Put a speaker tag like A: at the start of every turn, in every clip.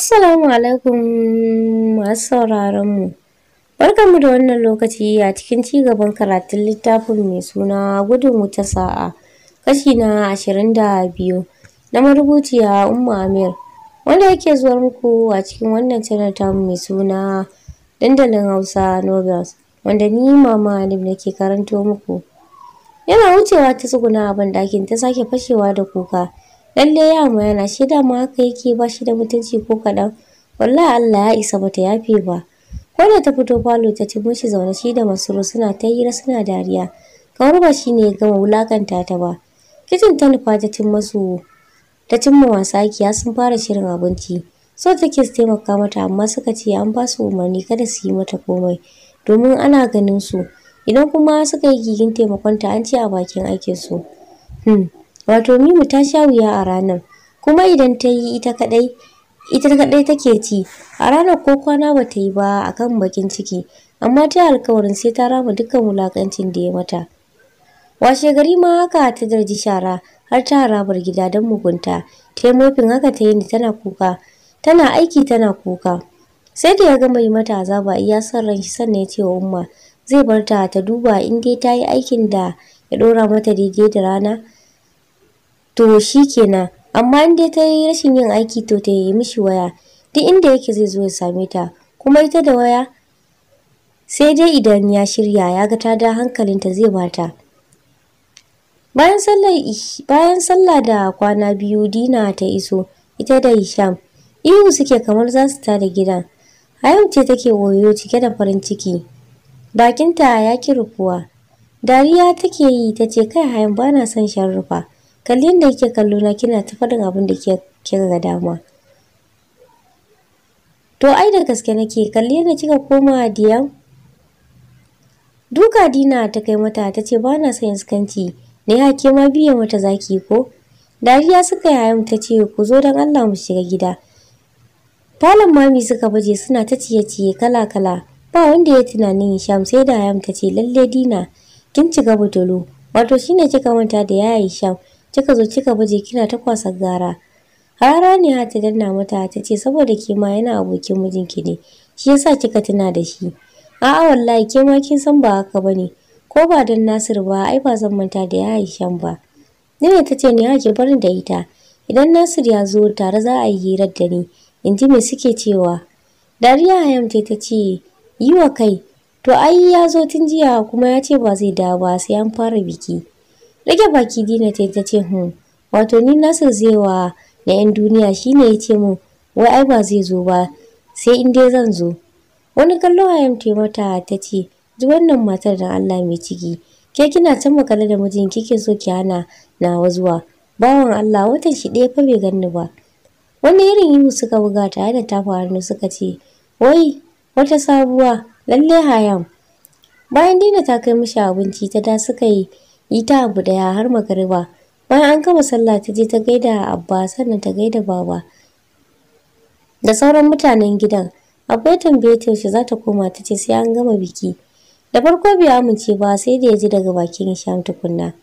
A: Assalamu alaikum masu sauraronmu. Barkanmu da wannan lokaci a cikin cigaban karatun littafin mai suna gudun wuta sa'a kashi na ashirin da biyu na marubuciya Umma Amir wanda yake zuwa muku a cikin wannan channel tamu mai suna dandalin Hausa Novels wanda ni mama Alim nake karanto muku. Yana wucewa ta tsuguna a ɗakin ta sake fashewa da kuka Lallai ya yana shi ma haka yake ba shi da mutunci ko kaɗan. Wallahi Allah ya isa bata yafe ba. Ko da ta fito falo ta ci mushi zaune shi da Masuro suna ta hira suna dariya. Kamar ba shi ne ya gama wulakanta ta ba. Kicin ta nufa ta cin masu ta cimma wasa kiya sun fara shirin abinci. So take su taimaka mata amma suka ce an ba su umarni kada su yi mata komai domin ana ganin su. Idan kuma suka yi gigin taimakonta an ce a bakin aikin su. Hmm. wato Mimu ta sha wuya a ranar kuma idan ta yi ita kaɗai ita kaɗai take ci a ranar ko kwana ba ta yi ba akan bakin ciki amma ta alkawarin sai ta rama dukkan wulakancin da ya mata washe gari ma haka ta darji shara har ta harabar gida don mugunta ta yi mofin haka ta yi tana kuka tana aiki tana kuka sai da ya gama yi mata azaba iya son ran shi sannan ya ce wa umma zai bar ta ta duba in dai ta yi aikin da ya ɗora mata daidai da rana to shi kenan amma in dai ta yi rashin yin aiki to ta yi mishi waya duk inda yake zai zo ya same ta kuma ita da waya sai dai idan ya shirya ya ga ta da hankalinta zai bata bayan bayan sallah da kwana biyu dina ta iso ita da hisham ihu suke kamar za su tada gidan Hayan ce take oyo cike da farin ciki bakinta ya ki rufuwa dariya take yi ta ce kai hayan bana son sharrufa kalli yadda kike kallo na kina ta faɗin abin da kika ga dama to ai da gaske nake kalli yadda kika koma diyan duka dina ta kai mata ta ce ba na son iskanci ne ya ke ma biye mata zaki ko dariya suka yayan ta ce ku zo don allah mu shiga gida falon mami suka baje suna ta ciye-ciye kala-kala ba wanda ya tunanin sham sai da Hayam ta ce lalle Dina kin ci gaba butulu wato shine kika manta da yayi sham kika zo kika baje kina ta kwasa gara rara ne ta danna mata ta ce saboda ke ma yana abokin mijinki ne shi yasa kika tuna da shi a'a wallahi ke ma kin san ba haka bane ko ba dan Nasir ba ai ba zan manta da ya shan ba Nene tace ce ha ke barin da ita idan Nasir ya zo tare za a yi hirar da ni inji me suke cewa Dariya Hayam ta ce yi wa kai To ai ya zo tun jiya kuma ya ce ba zai dawo ba sai an fara biki. Rage baki Dina ta ta ce hun hmm. wato ni Nasir zaiwa na 'yan duniya shine ya ce min wai ai ba zai zo ba sai in dai zan zo. Wani kallo hayan ta mata ta ce ji wannan matar da Allah mai ciki ke kina can makale da mijin kike so ki hana nawa zuwa bawan Allah watan shi ɗaya fa bai ganni ba. Wani irin ihu suka buga tare da tafa hannu suka ce wai wata sabuwa lalle hayan. Bayan Dina ta kai mishi abinci ta da suka yi yi ta abu daya har magariba bayan an gama sallah ta je ta gaida abba sannan ta gaida baba da sauran mutanen gidan akwai tambaye ta yaushe za ta koma ta ce sai an gama biki da farko bai amince ba sai da ya ji daga bakin Hisham tukunna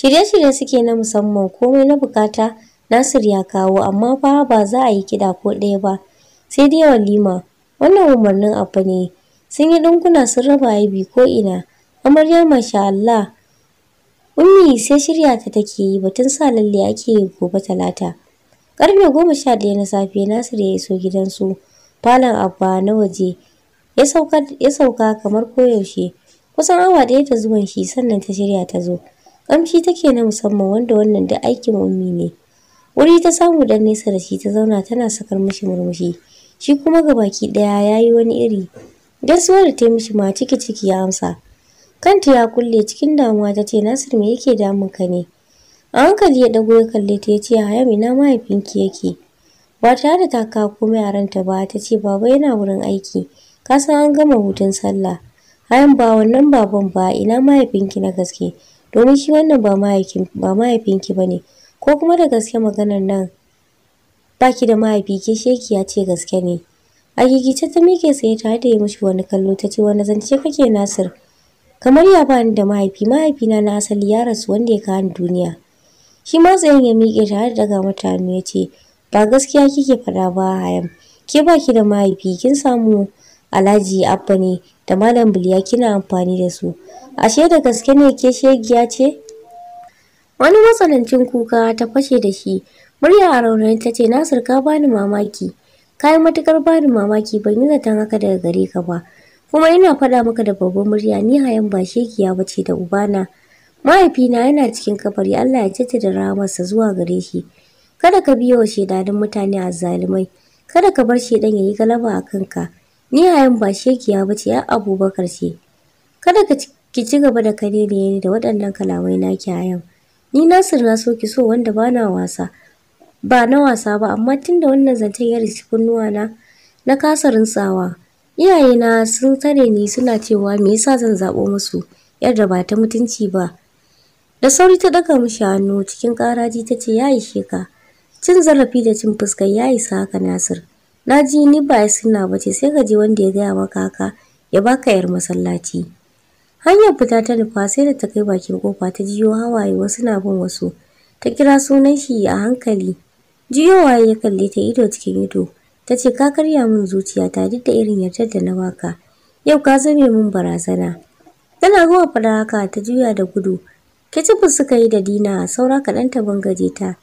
A: shirye-shirye suke na musamman komai na bukata Nasir ya kawo amma fa ba za a yi kida ko ɗaya ba sai dai walima wannan umarnin abu ne sun yi ɗinkuna sun raba bi ko ina amarya masha Allah Ummi sai shirya ta take yi batun sa lalle ake yi gobe talata. Karfe goma sha ɗaya na safe Nasiru ya iso gidansu falon abba na waje ya sauka kamar koyaushe kusan awa ɗaya ta zuwan shi sannan ta shirya ta zo. Kamshi take na musamman wanda wannan da aikin ummi ne. Wuri ta samu dan nesa da shi ta zauna tana sakar mishi murmushi. Shi kuma ga baki ɗaya ya yi wani iri. Gaisuwar da ta yi mishi ma ciki ciki ya amsa. Kanta ya kulle cikin damuwa ta ce Nasir me yake damun ka ne? A hankali ya dago ya kalle ta ya ce Haya mina mahaifinki yake. Ba tare da ta kawo komai a ranta ba ta ce baba yana wurin aiki. Ka san an gama hutun sallah. Hayan ba wannan baban ba ina mahaifinki na gaske. Domin shi wannan ba mahaifinki ba ne. Ko kuma da gaske maganar nan baki da mahaifi ke sheki ya ce gaske ne. A gigice ta mike tsaye tare da ya mishi wani kallo ta ce wani zance kake Nasir. kamar ya ba ni da mahaifi mahaifina na asali ya rasu wanda ya kawo ni duniya shi ma tsayin ya miƙe tare da daga mutane, yace ya ce ba gaskiya kike fada ba hayan. ke ba ki da mahaifi kin samu alhaji abba ne da malam biliya kina amfani da su ashe da gaske ne ke shegiya ce wani matsanancin kuka ta fashe da shi murya a raunayin ta ce nasir ka bani mamaki kayan matukar bani mamaki ban yi zaton haka daga gare ka ba kuma ina faɗa maka da babban murya ni hayan ba shekiya bace da ubana mahaifina yana cikin kabari Allah ya cece da rahamarsa zuwa gare shi kada ka biyo dan mutane a zalimai kada ka bar shedan yi galaba a kanka ni hayan ba shekiya bace ya abubakar ce kada ka ki ci gaba da kare ne da waɗannan kalamai na naki hayan ni Nasir na so ki so wanda bana wasa ba na wasa ba amma tunda wannan zancen ya rishi kunnuwana na kasa rintsawa Iyayena sun tare ni suna cewa me yasa zan zaɓo musu yar da ba ta mutunci ba. Da sauri ta daga mishi hannu cikin ƙaraji ta ce ya Cin zarafi da cin fuska ya isa haka Nasir. Na ji ni ba suna ba ce sai ka je wanda ya gaya maka haka ya baka yar masallaci. Hanyar fita ta nufa sai da ta kai bakin kofa ta jiyo hawaye wasu na bin wasu. Ta kira sunan shi a hankali. Jiyowa ya kalle ta ido cikin ido. Ta ce ka karya min zuciyata duk da irin yarda da na baka. Yau ka zame min barazana. Tana zuwa faraka haka ta juya da gudu. Kicifin suka yi da Dina saura kaɗan ta bangaje ta.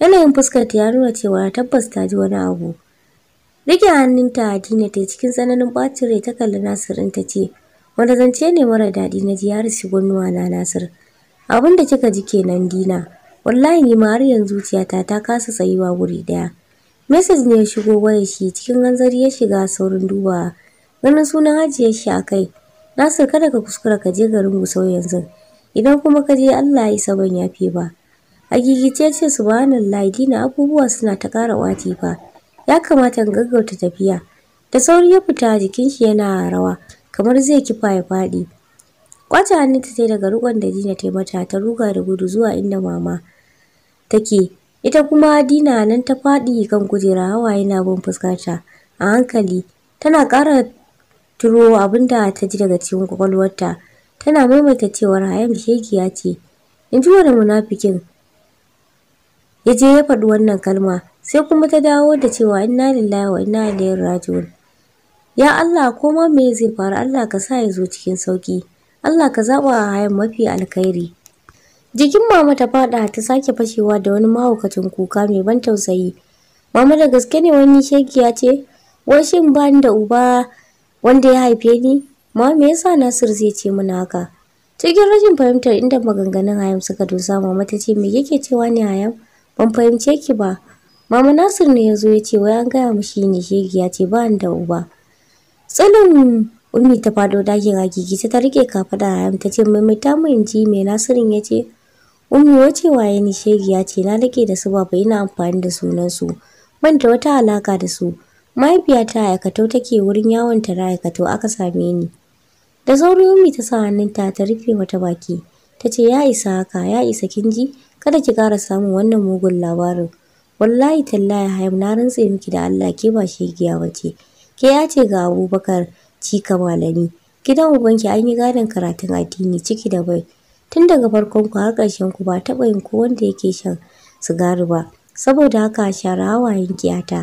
A: Yanayin fuskar ta ya nuna cewa tabbas ta ji wani abu. Rike hannunta Dina ta cikin tsananin ɓacin rai ta kalli nasir ɗin ta ce, wanda zance ne mara daɗi na ji ya rasu gwanuwa na Nasir. Abin kika ji kenan Dina, wallahi ni ma har yanzu zuciyata ta kasa tsayuwa wuri ɗaya. Mrs. ne ya shigo wayar shi cikin hanzari ya shiga saurin duba. Ganin sunan hajiyar shi akai. kai. Nasir kada ka kuskura ka je garin Gusau yanzu. Idan kuma ka je Allah ya isa ban yafe ba. Hakikice ce subhanallahi dina abubuwa suna ta ƙara wati fa. Ya kamata in gaggauta tafiya. Da sauri ya fita jikin shi yana rawa kamar zai kifa ya faɗi. Kwace hannunta sai daga rugon da Dina ta mata ta ruga da gudu zuwa inda mama take. Ita kuma Dina nan ta faɗi kan kujera hawaye na bin fuskarta a hankali tana ƙara turo abin da ta ji daga cikin kwakwalwarta tana maimaita cewar Hayam shekiya ce. In ji wani munafikin ya je ya faɗi wannan kalma sai kuma ta dawo da cewa inna lillahi wa inna ilaihi raji'un. Ya Allah ko ma me zai faru Allah ka sa ya zo cikin sauki. Allah ka zaba hayan mafi alkhairi. Jikin mama ta fada ta sake fashewa da wani mahaukacin kuka mai ban tausayi. Mama da gaske ne wani shekiya ce, wai shin ba da uba wanda ya haife ni? Ma me yasa Nasir zai ce mana haka? Cikin rashin fahimtar inda maganganun Hayam suka dosa mama ta ce me yake cewa ni Hayam? Ban fahimce ki ba. Mama Nasir ne ya zo ya ce wai an gaya mishi ne shegiya ce ba da uba. Tsalin Ummi ta fado dakin a gigi ta rike kafada Hayam ta ce maimaita mu ji me Nasirin ya ce Ummi wace waye ni shegiya ce na rike da su baba ina amfani da sunansu. Ban da wata alaka da su. Mahaifiyata aikatau take wurin yawon ta aikatau aka same ni. Da sauri Ummi ta sa hannunta ta rufe wata baki. Ta ce ya isa haka ya isa kin ji kada ki ƙara samun wannan mugun labarin. Wallahi tallahi hayam na rantse miki da Allah ke ba shegiya wace. Ke ya ce ga Abubakar cika malami. Gidan ubanki an yi gadon karatun addini ciki da bai. tun daga farkon ku har ƙarshen ku ba taɓa yin ko wanda yake shan sigari ba saboda haka share hawayen kiyata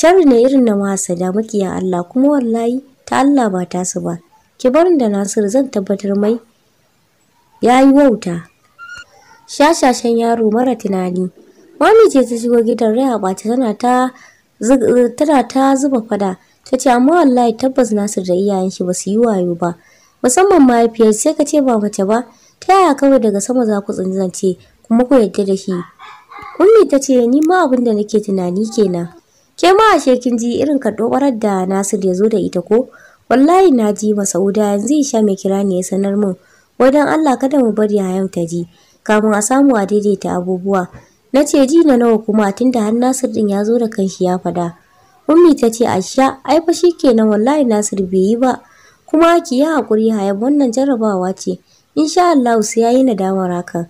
A: shari ne irin na da makiya Allah kuma wallahi ta Allah ba ta su ba ki barin da Nasiru zan tabbatar mai yayi wauta shashashen yaro mara tunani wani ce ta shigo gidan rai a ɓace tana ta tana ta zuba fada ta ce amma wallahi tabbas Nasir da iyayen shi ba su yi wayo ba musamman mahaifiyar sai ka ce ba mace ba ta yaya kawai daga sama za ku tsinzance kuma ku yarda da shi ummi ta ce ni ma abin da nake tunani kenan ke ma a shekin ji irin dobarar da nasir ya zo da ita ko wallahi na ji masauda yanzu isha mai kira ne ya sanar min wajen allah kada mu bari yau ta ji kamun a samu a daidaita abubuwa na ce ji na nawa kuma tunda har nasir din ya zo da kanshi ya fada ummi ta ce sha ai fa kenan wallahi nasir bai yi ba kuma ki yi haƙuri hayab wannan jarrabawa ce insha Allah sai yayi nadamar hakan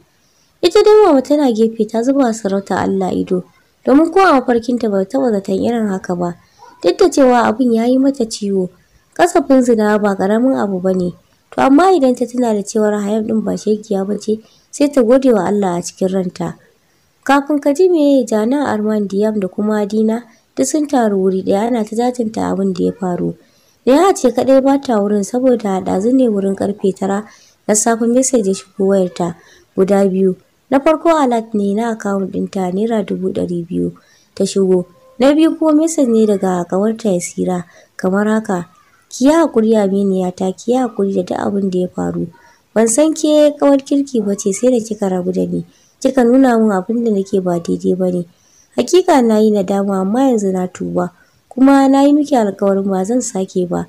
A: ita dai mama tana gefe ta zuba sarauta Allah ido domin ko a mafarkinta ba taɓa zaton irin haka ba duk da cewa abin yayi mata ciwo kasafin zina ba ƙaramin abu bane to amma idan ta tana da cewar hayab din ba shekiya ce, sai ta gode wa Allah a cikin ranta kafin ka ji meye jana Arman Diyam da kuma Dina duk sun taru wuri ɗaya ana ta jajanta abin da ya faru Yaya ce kadai ba ta wurin saboda ɗazu ne wurin karfe tara na safin message ya shigo wayarta guda biyu. Na farko alat ne na akawun ɗinta naira dubu ɗari biyu ta shigo. Na biyu kuma mesej ne daga ya Yasira kamar haka. Ki yi Aminiya aminiyata, ki yi hakuri da duk abin da ya faru. Ban san ke kawar kirki ba ce sai da kika rabu da ni. Kika nuna min abin da nake ba daidai ba ne. Hakika na yi nadama amma yanzu na tuba. kuma na yi miki alkawarin ba zan sake ba.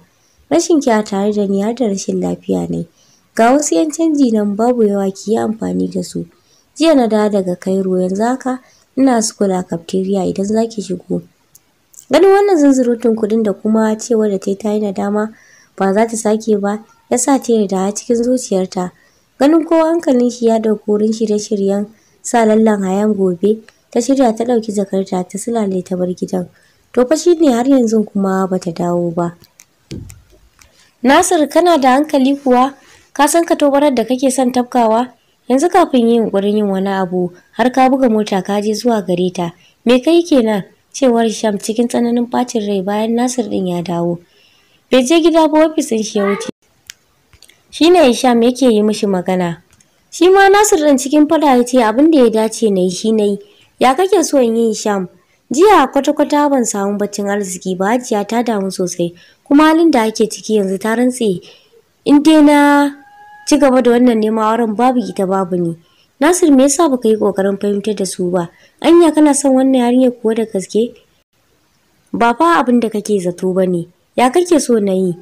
A: Rashin ki a tare da ni har da rashin lafiya ne. Ga wasu 'yan canji nan babu yawa ki yi amfani da su. Jiya na da daga Cairo yanzu haka ina su kula kafteriya idan za ki shigo. Ganin wannan zanzurutun kuɗin da kuma cewa da ta yi na dama ba za ta sake ba ya sa ta yarda a cikin zuciyarta. Ganin kowa hankalin shi ya dauki wurin shirye-shiryen sa lallan hayan gobe ta shirya ta ɗauki jakarta ta sulale ta bar gidan. to fa shi ne har yanzu kuma bata dawo ba Nasir kana da hankali kuwa ka san ka tobarar da kake son tafkawa yanzu kafin yin gurin yin wani abu har ka buga mota ka je zuwa gare ta me kai kenan cewar sham cikin tsananin bacin rai bayan Nasir din ya dawo bai je gida ba ofisin shi ya wuce shine Sham yake yi mishi magana shi ma Nasir din cikin fada ya ce abin da ya dace na yi shi na yi ya kake so in yi sham? Jiya kwata-kwata ban samu baccin arziki ba Hajiya ta damu sosai kuma halin da ake ciki yanzu ta rantse in dai na ci gaba da wannan neman auren babu ita babu ne Nasir me yasa baka yi kokarin fahimtar da su ba? Anya kana son wannan yarinya kuwa da gaske? Ba fa abin da kake zato ba ne, Ya kake so na yi?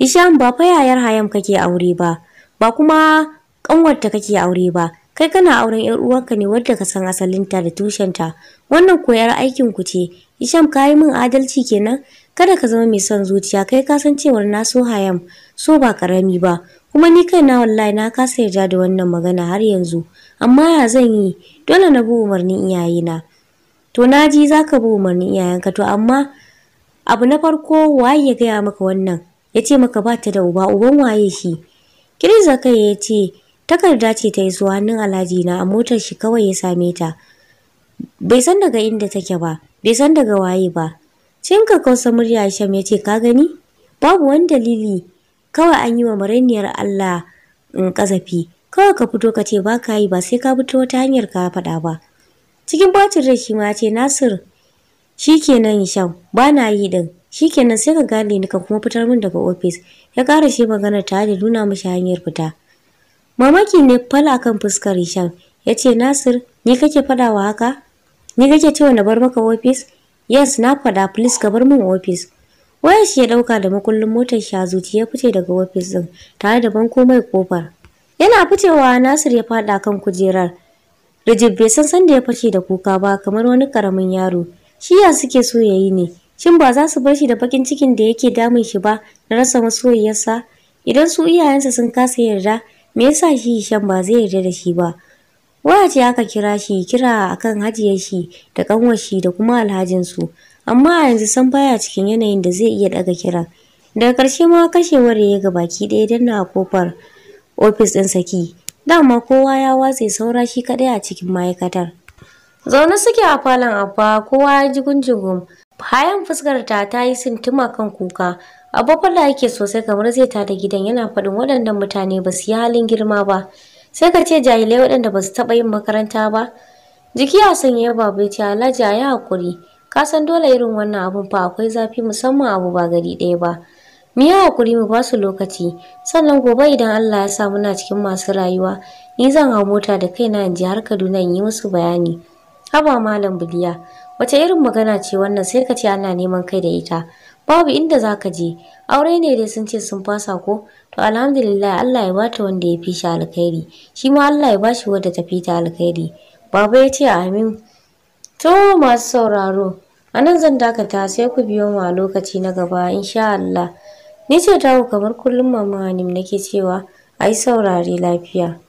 A: Hisham ba fa yayar Hayam kake aure ba, ba kuma ƙanwarta kake aure ba. kai kana auren yar uwarka ne wadda ka san asalinta da tushenta wannan koyar aikin ku ce Hisham ka yi min adalci kenan kada ka zama mai son zuciya kai ka san cewar na so hayam so ba karami ba kuma ni kaina wallahi na kasa yarda da wannan magana har yanzu amma ya zan yi dole na bi umarnin iyayena to naji zaka za ka bi umarnin iyayenka to amma abu na farko waye ya gaya maka wannan yace maka ba ta da uba uban waye shi kirza kai yace takarda ce ta yi iso hannun alhaji na a motar shi kawai ya same ta bai san daga inda take ba bai san daga waye ba cin kausa murya sham ya ce ka gani babu wani dalili kawai an yi wa mariniyar allah in mm, kazafi kawai ka fito ka ce ba ka yi ba sai ka fito wata hanyar ka faɗa ba cikin bacin rai shi ma ya ce nasir shikenan sham ba na yi din shikenan sai ka gane ni ka kuma fitar min daga ofis ya ƙara shi magana tare da nuna mishi hanyar fita Mamaki ne fal kan fuskar Hisham. Ya ce Nasir, ni kake faɗawa wa haka? Ni kake cewa na bar maka ofis? Yes, na faɗa please ka bar min ofis. Wayar shi ya ɗauka da makullin motar shi a zuci ya fice daga ofis ɗin tare da banko mai kofar. Yana ficewa Nasir ya faɗa kan kujerar. Rijib bai san sanda ya fashe da kuka ba kamar wani karamin yaro. Shi ya suke so ya yi ne. Shin ba za su bar shi da bakin cikin da yake damun shi ba na rasa masoyiyarsa? Idan su iyayensa sun kasa yarda, me yasa shi Hisham ba zai yarda da shi ba waya ce aka kira shi kira akan hajiyar shi da kanwar shi da kuma alhajinsu. amma a yanzu san baya cikin yanayin da zai iya daga kira daga ƙarshe ma kashewar ya ga baki ɗaya danna a kofar ofis ɗin saki dama kowa ya watse saura shi kaɗai a cikin ma'aikatar zaune suke a falon abba kowa ya ji gunjigun hayan fuskar ta ta yi sintima kan kuka abubuwa yake sosai kamar zai tada gidan yana faɗin waɗannan mutane ba su yi halin girma ba sai ka ce jahilai waɗanda ba su taɓa yin makaranta ba jiki a sanya babu ce alhaji a yi haƙuri ka san dole irin wannan abun fa akwai zafi musamman abu ba gari ɗaya ba mu yi haƙuri mu ba su lokaci sannan gobe idan allah ya sa muna cikin masu rayuwa ni zan hau mota da kaina in je har kaduna in yi musu bayani haba malam biliya wace irin magana ce wannan sai ka ce ana neman kai da ita babu inda za ka je aure ne dai sun ce sun fasa ko to alhamdulillah Allah ya bata wanda ya fi shi alkhairi shi ma Allah ya bashi wanda ta fi ta alkhairi baba ya ce amin to masu sauraro a nan zan dakata sai ku biyo mu a lokaci na gaba insha Allah ni ce tawo kamar kullum mama nake cewa ai saurare lafiya